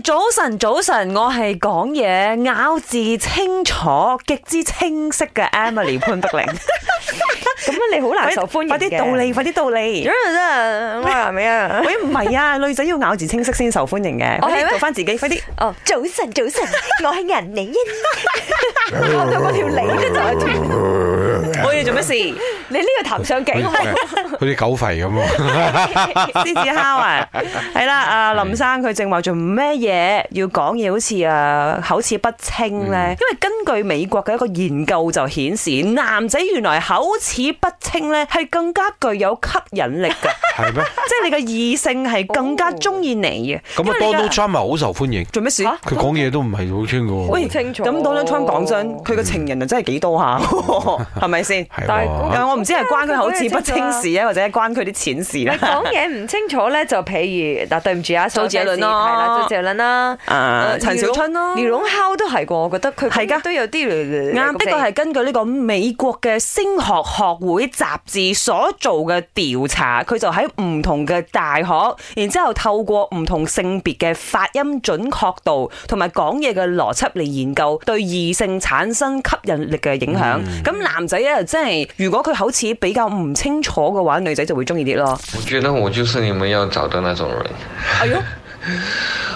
早晨，早晨，我係講嘢咬字清楚、極之清晰嘅 Emily 潘碧玲。咁樣你好難受歡迎，快啲道理，快啲道理。咁啊真係，怪唔呀。喂唔係啊，女仔要咬字清晰先受歡迎嘅。快啲做翻自己，快啲。哦，早晨，早晨，我係 你李欣，我到我條脷，都就係。我要做咩事？你呢個頭上頸，好似 狗吠咁喎，獅子蝦啊！係啦，阿林生佢正話做咩嘢？要講嘢好似啊口齒不清咧，嗯、因為根據美國嘅一個研究就顯示，男仔原來口齒不清傾咧係更加具有吸引力㗎，係咩？即係你個異性係更加中意你嘅。咁啊，Donald Trump 好受歡迎，做咩事？佢講嘢都唔係好清楚。喂，清楚。咁 Donald Trump 講真，佢個情人又真係幾多下，係咪先？但係，我唔知係關佢口齒不清事啊，或者關佢啲錢事啦。講嘢唔清楚咧，就譬如嗱，對唔住啊，蘇浙倫咯，蘇浙倫啦，啊，陳小春咯，廖龍睺都係個，我覺得佢係㗎，都有啲啱。的確係根據呢個美國嘅聲學學會。雜誌所做嘅調查，佢就喺唔同嘅大學，然之後透過唔同性別嘅發音準確度同埋講嘢嘅邏輯嚟研究對異性產生吸引力嘅影響。咁、嗯、男仔啊，真係如果佢好似比較唔清楚嘅話，女仔就會中意啲咯。我覺得我就是你們要找的那種人。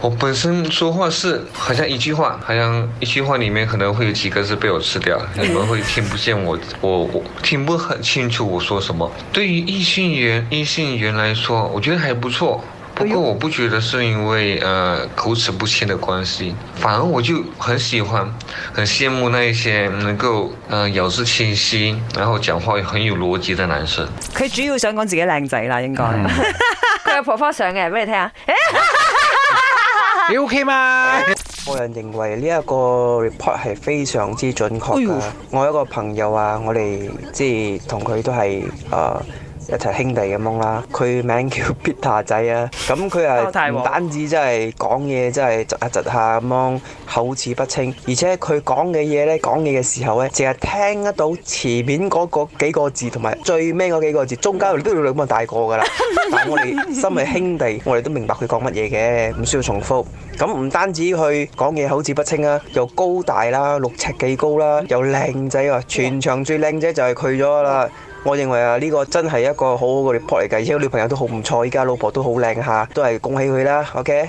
我本身說話是，好像一句話，好像一句話裏面可能會有幾個字被我吃掉，你們會聽不見我，我我，我聽不很清楚我說什麼。對於異性緣異性緣來說，我覺得還不錯。不過我不覺得是因為，呃，口齒不清的關係，反而我就很喜歡，很羨慕那一些能夠，嗯、呃，咬字清晰，然後講話很有邏輯的男生。佢主要想講自己靚仔啦，應該、嗯。佢 有婆婆相嘅，俾你聽下。 你 OK 嘛？我個人認為呢一個 report 係非常之準確㗎。唉呦 我有一個朋友啊，我哋即係同佢都係誒。呃一齊兄弟咁樣啦，佢名叫 Peter 仔啊，咁佢係唔單止 真係講嘢，真係窒下窒下咁樣口齒不清，而且佢講嘅嘢呢，講嘢嘅時候呢，淨係聽得到前面嗰個幾個字同埋最尾嗰幾個字，中間都有兩個大個噶啦。但係我哋身為兄弟，我哋都明白佢講乜嘢嘅，唔需要重複。咁唔單止佢講嘢口齒不清啊，又高大啦，六尺幾高啦，又靚仔啊，全場最靚仔就係佢咗啦。我認為啊，呢個真係一個很好好嘅僕嚟㗎，而且女朋友都好唔錯，依家老婆都好靚嚇，都係恭喜佢啦，OK。